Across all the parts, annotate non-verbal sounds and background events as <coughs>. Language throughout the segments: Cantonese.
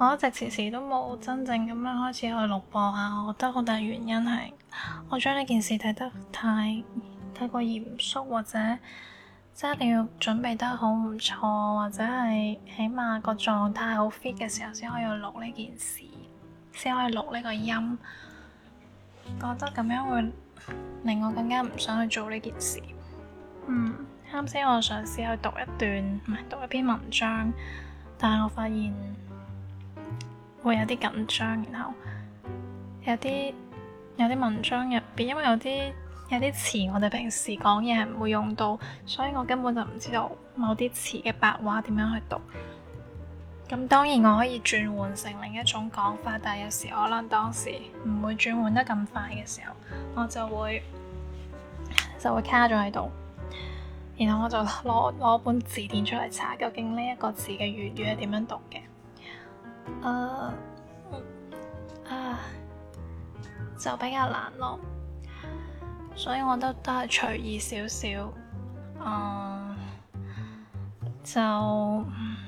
我一直遲遲都冇真正咁樣開始去錄播啊！我覺得好大原因係我將呢件事睇得太，太過嚴肅，或者即係一定要準備得好唔錯，或者係起碼個狀態好 fit 嘅時候先可以去錄呢件事，先可以錄呢個音。覺得咁樣會令我更加唔想去做呢件事。嗯，啱先我嘗試去讀一段唔係讀一篇文章，但係我發現，會有啲緊張，然後有啲有啲文章入邊，因為有啲有啲詞我哋平時講嘢係唔會用到，所以我根本就唔知道某啲詞嘅白話點樣去讀。咁當然我可以轉換成另一種講法，但係有時可能當時唔會轉換得咁快嘅時候，我就會就會卡咗喺度，然後我就攞攞本字典出嚟查究竟呢一個字嘅粵語係點樣讀嘅。誒，啊，uh, uh, 就比較難咯，所以我都都係隨意少少，啊、uh, 就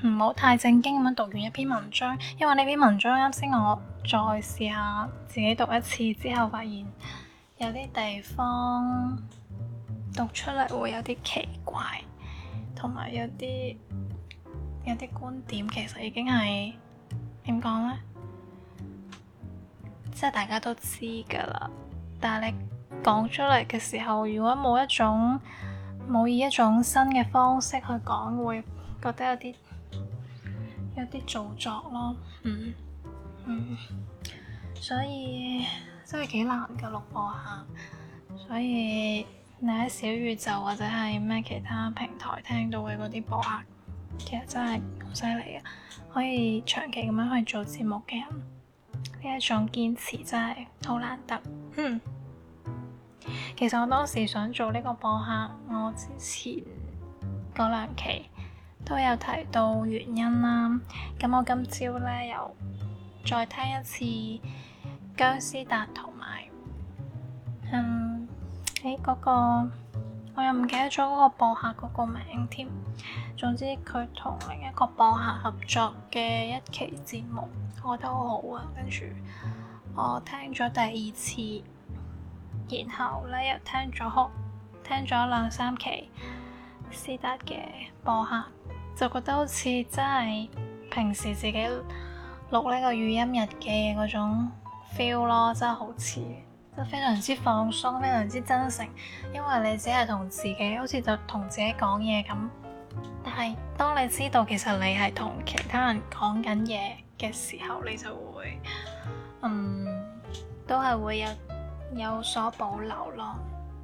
唔好太正經咁樣讀完一篇文章，因為呢篇文章啱先我再試下自己讀一次之後，發現有啲地方讀出嚟會有啲奇怪，同埋有啲有啲觀點其實已經係。點講呢？即係大家都知噶啦，但係你講出嚟嘅時候，如果冇一種冇以一種新嘅方式去講，會覺得有啲有啲做作咯。嗯嗯，所以真係幾難噶錄播客。所以你喺小宇宙或者係咩其他平台聽到嘅嗰啲播客。其實真係好犀利呀，可以長期咁樣去做節目嘅人，呢一種堅持真係好難得。嗯，其實我當時想做呢個播客，我之前嗰兩期都有提到原因啦。咁我今朝咧又再聽一次薑思達同埋，嗯，誒、欸、嗰、嗰個我又唔記得咗嗰個播客嗰個名添。總之，佢同另一個播客合作嘅一期節目，我覺得好好啊。跟住我聽咗第二次，然後咧又聽咗聽咗兩三期思德嘅播客，就覺得好似真係平時自己錄呢個語音日記嘅嗰種 feel 咯，真係好似，真係非常之放鬆，非常之真誠，因為你只係同自己，好似就同自己講嘢咁。係，當你知道其實你係同其他人講緊嘢嘅時候，你就會，嗯，都係會有有所保留咯，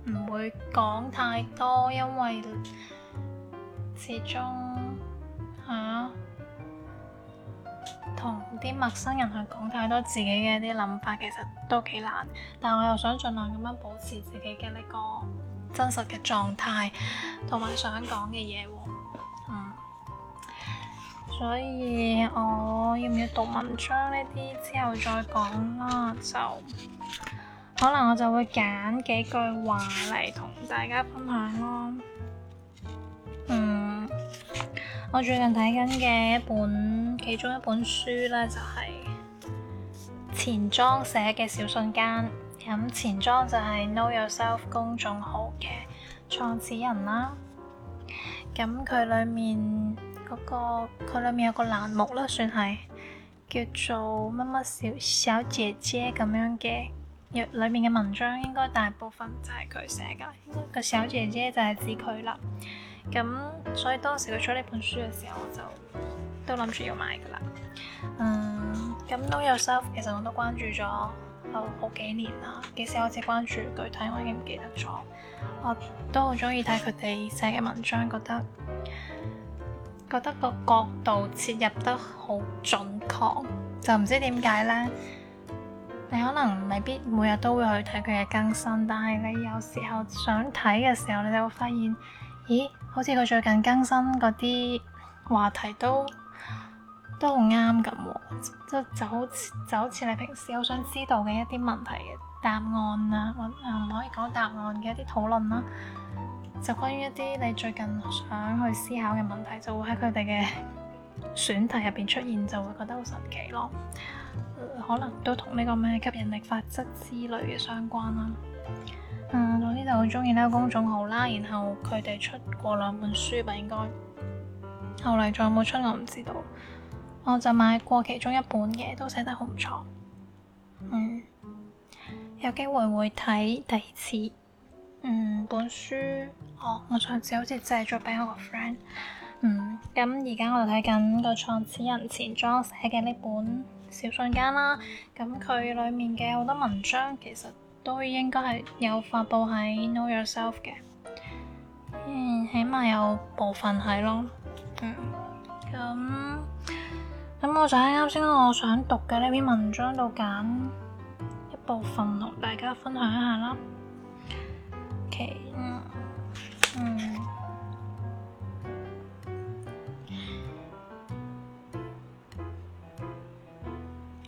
唔會講太多，因為始終吓同啲陌生人去講太多自己嘅一啲諗法，其實都幾難，但我又想盡量咁樣保持自己嘅呢個真實嘅狀態，同埋想講嘅嘢。所以我要唔要讀文章呢啲之後再講啦，就可能我就會揀幾句話嚟同大家分享咯。嗯，我最近睇緊嘅一本，其中一本書呢，就係錢莊寫嘅《小瞬間》，咁錢莊就係 Know Yourself 公眾號嘅創始人啦。咁佢裏面。嗰個佢裏面有個欄目啦，算係叫做乜乜小小姐姐咁樣嘅，有裏面嘅文章應該大部分就係佢寫噶，應該個小姐姐就係指佢啦。咁所以當時佢出呢本書嘅時候，我就都諗住要買噶啦。嗯，咁都有收，其實我都關注咗好幾年啦。幾時開始關注具體我已經唔記得咗。我都好中意睇佢哋寫嘅文章，覺得。覺得個角度切入得好準確，就唔知點解咧？你可能未必每日都會去睇佢嘅更新，但係你有時候想睇嘅時候，你就會發現，咦，好似佢最近更新嗰啲話題都都好啱咁喎，即係就，就好就好似你平時好想知道嘅一啲問題嘅答案啦、啊，或、嗯、唔可以講答案嘅一啲討論啦、啊。就關於一啲你最近想去思考嘅問題，就會喺佢哋嘅選題入邊出現，就會覺得好神奇咯，嗯。可能都同呢個咩吸引力法則之類嘅相關啦。嗯，我呢度好中意呢個公眾號啦，然後佢哋出過兩本書吧，應該。後來有有。後嚟仲有冇出，我唔知道。我就買過其中一本嘅，都寫得好唔錯。嗯，有機會會睇第二次。嗯，本書哦，oh, 我上次好似借咗俾我個 friend 嗯在我在。嗯，咁而家我睇緊個創始人錢莊寫嘅呢本小瞬間啦。咁佢裏面嘅好多文章，其實都應該係有發布喺 Know Yourself 嘅。嗯，起碼有部分係咯。嗯，咁咁我就喺啱先我想讀嘅呢篇文章度揀一部分同大家分享一下啦。Okay. 嗯、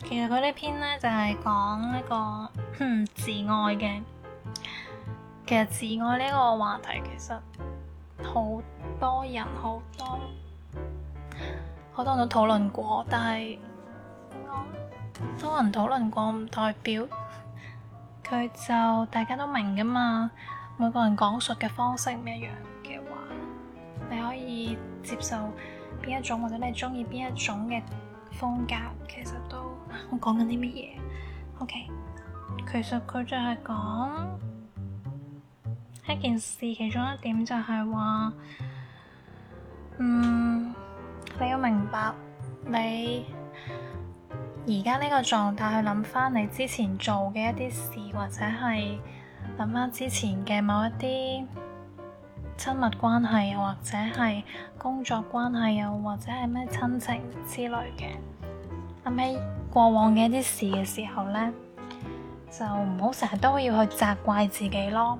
其實佢呢篇呢，就係、是、講呢、呢個自愛嘅。其實自愛呢一個話題，其實好多人好多好多人都討論過，但係多人討論過唔代表佢 <laughs> 就大家都明噶嘛。每個人講述嘅方式唔一樣嘅話，你可以接受邊一種，或者你中意邊一種嘅風格，其實都。我講緊啲乜嘢？OK，其實佢就係講一件事，其中一點就係話，嗯，你要明白你而家呢個狀態，去諗翻你之前做嘅一啲事，或者係。諗翻之前嘅某一啲親密關係，又或者係工作關係，又或者係咩親情之類嘅，諗起喺過往嘅一啲事嘅時候呢，就唔好成日都要去責怪自己咯。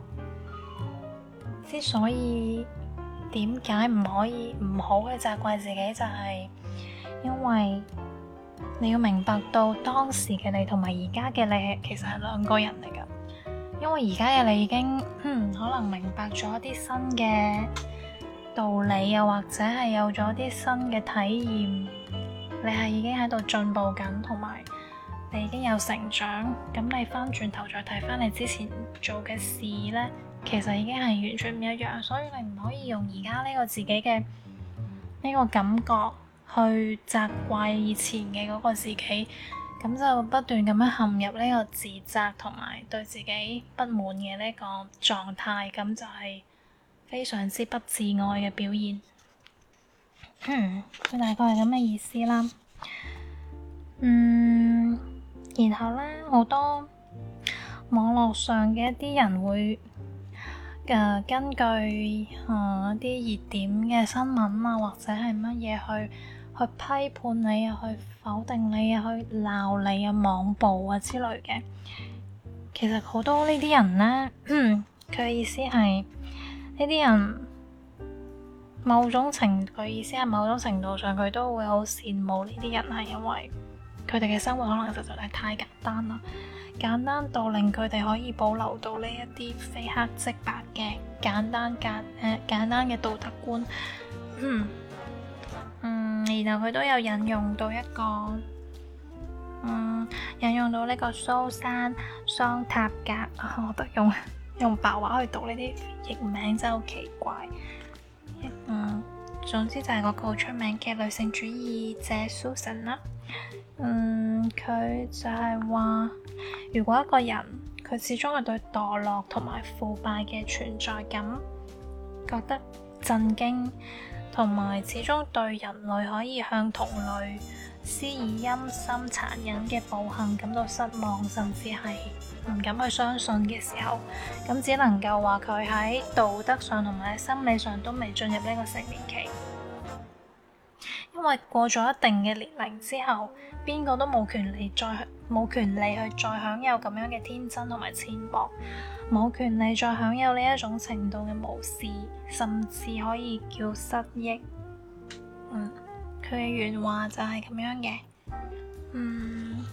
之所以點解唔可以唔好去責怪自己，就係因為你要明白到當時嘅你同埋而家嘅你，其實係兩個人嚟㗎。因為而家嘅你已經，嗯，可能明白咗一啲新嘅道理，又或者係有咗啲新嘅體驗，你係已經喺度進步緊，同埋你已經有成長。咁你翻轉頭再睇翻你之前做嘅事呢，其實已經係完全唔一樣，所以你唔可以用而家呢個自己嘅呢個感覺去責怪以前嘅嗰個自己，咁就不斷咁樣陷入呢個自責同埋對自己不滿嘅呢個狀態，咁就係非常之不自愛嘅表現。佢、嗯、大概係咁嘅意思啦。嗯，然後咧好多網絡上嘅一啲人會，誒、呃、根據啊、呃、一啲熱點嘅新聞啊，或者係乜嘢去，去批判你啊，去否定你啊，去鬧你啊，網暴啊之類嘅，其實好多呢啲人咧，佢、嗯、嘅意思係呢啲人某種程，佢意思係某種程度上佢都會好羨慕呢啲人，係因為佢哋嘅生活可能實在係太簡單啦，簡單到令佢哋可以保留到呢一啲非黑即白嘅簡單簡誒簡、呃、簡單嘅道德觀，嗯。然後佢都有引用到一個，嗯，引用到呢個蘇珊桑塔格，啊，我都用用白話去讀呢啲譯名真係好奇怪。嗯，總之就係個好出名嘅女性主義者蘇珊啦。嗯，佢就係話，如果一個人佢始終係對墮落同埋腐敗嘅存在感覺得震驚，同埋，始終對人類可以向同類施以陰心殘忍嘅暴行感到失望，甚至係唔敢去相信嘅時候，咁只能夠話佢喺道德上同埋心理上都未進入呢個成年期。因為過咗一定嘅年齡之後，邊個都冇權利再冇權利去再享有咁樣嘅天真同埋淺薄，冇權利再享有呢一種程度嘅無視，甚至可以叫失憶。嗯，佢嘅原話就係咁樣嘅。嗯，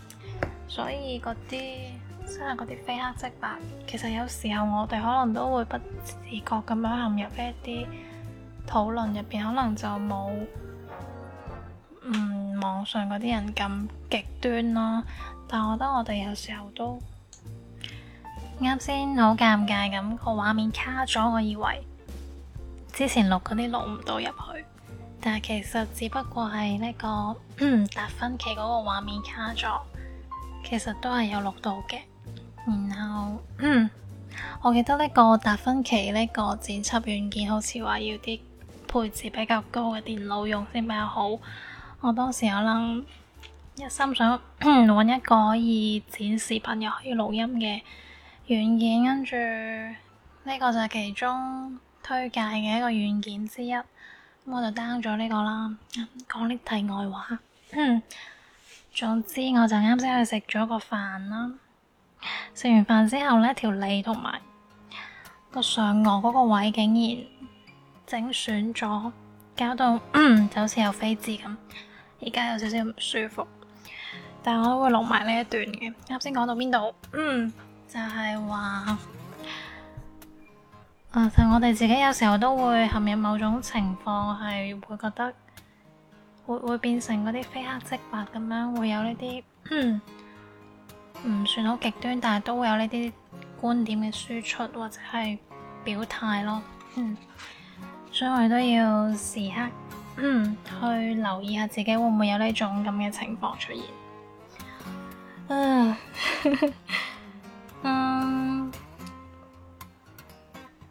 所以嗰啲，即係嗰啲非黑即白。其實有時候我哋可能都會不自覺咁樣陷入一啲討論入邊，可能就冇。嗯，網上嗰啲人咁極端咯，但我覺得我哋有時候都。啱先好尷尬咁，個畫面卡咗，我以為之前錄嗰啲錄唔到入去，但係其實只不過係呢個達芬奇嗰個畫面卡咗，其實都係有錄到嘅。然後我記得呢個達芬奇呢個剪輯軟件好似話要啲配置比較高嘅電腦用先比較好。我當時可能一心想搵 <coughs> 一個可以剪視頻又可以錄音嘅軟件，跟住呢個就係其中推介嘅一個軟件之一，咁我就 down 咗呢個啦。講啲題外話， <coughs> 總之我就啱先去食咗個飯啦。食完飯之後咧，條脷同埋個上顎嗰個位竟然整損咗，搞到 <coughs> 就好似有痱滋咁。而家有少少唔舒服，但係我都會錄埋呢一段嘅。啱先講到邊度？嗯，就係話，誒、呃，就我哋自己有時候都會陷入某種情況，係會覺得會會變成嗰啲非黑即白咁樣，會有呢啲嗯，唔算好極端，但係都會有呢啲觀點嘅輸出或者係表態咯。嗯，所以我哋都要時刻。嗯，去留意下自己會唔會有呢種咁嘅情況出現。啊、 <laughs> 嗯，嗯，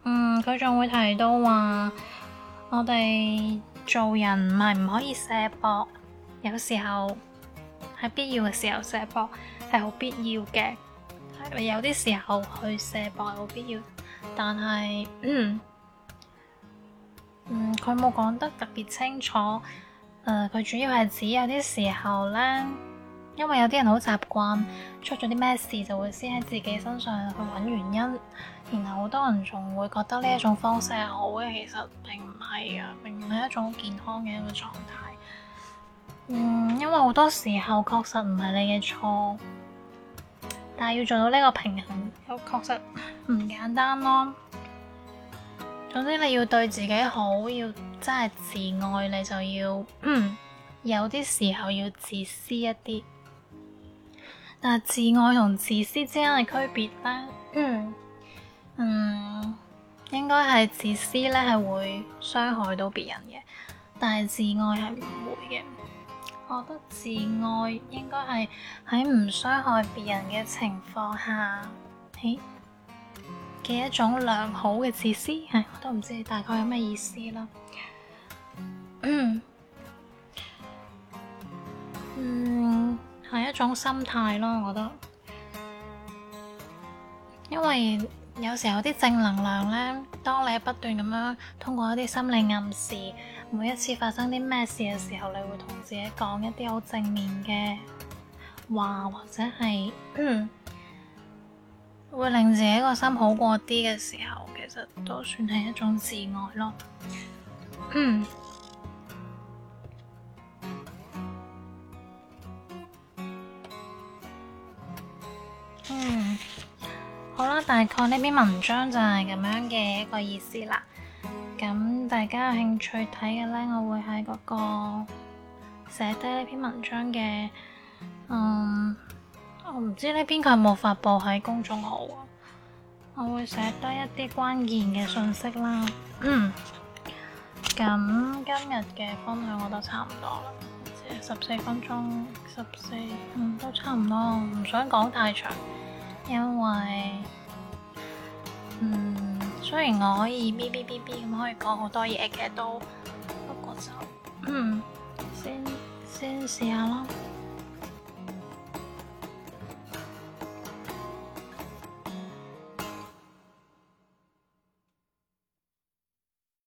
嗯，佢仲會提到話，我哋做人唔係唔可以卸膊，有時候喺必要嘅時候卸膊係好必要嘅，係咪有啲時候去卸膊係好必要？但係。嗯嗯，佢冇講得特別清楚。誒、呃，佢主要係指有啲時候咧，因為有啲人好習慣出咗啲咩事就會先喺自己身上去揾原因，然後好多人仲會覺得呢一種方式係好嘅，其實並唔係啊，並唔係一種健康嘅一個狀態。嗯，因為好多時候確實唔係你嘅錯，但係要做到呢個平衡又確實唔簡單咯。總之你要對自己好，要真係自愛，你就要嗯，有啲時候要自私一啲。但係自愛同自私之間嘅區別啦。嗯，應該係自私咧，係會傷害到別人嘅，但係自愛係唔會嘅。我覺得自愛應該係喺唔傷害別人嘅情況下，誒。嘅一種良好嘅自私，係、啊、我都唔知大概有咩意思啦。嗯，係、嗯、一種心態咯，我覺得。因為有時候啲正能量咧，當你不斷咁樣通過一啲心理暗示，每一次發生啲咩事嘅時候，你會同自己講一啲好正面嘅話，或者係。嗯會令自己個心好過啲嘅時候，其實都算係一種自愛咯。 <coughs> 嗯，好啦，大概呢篇文章就係咁樣嘅一個意思啦。咁大家有興趣睇嘅咧，我會喺嗰個寫低呢篇文章嘅，嗯。我唔知呢，邊個有冇發布喺公眾號啊？我會寫低一啲關鍵嘅信息啦。嗯，咁 <coughs> 今日嘅分享我都差唔多啦，十四分鐘，十四，嗯，都差唔多，我唔想講太長，因為，嗯，雖然我可以嗶嗶嗶嗶咁可以講好多嘢嘅，都不過就，嗯，先先試下咯。